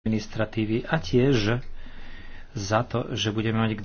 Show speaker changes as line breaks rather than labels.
administratívy a tiež za to, že budeme mať k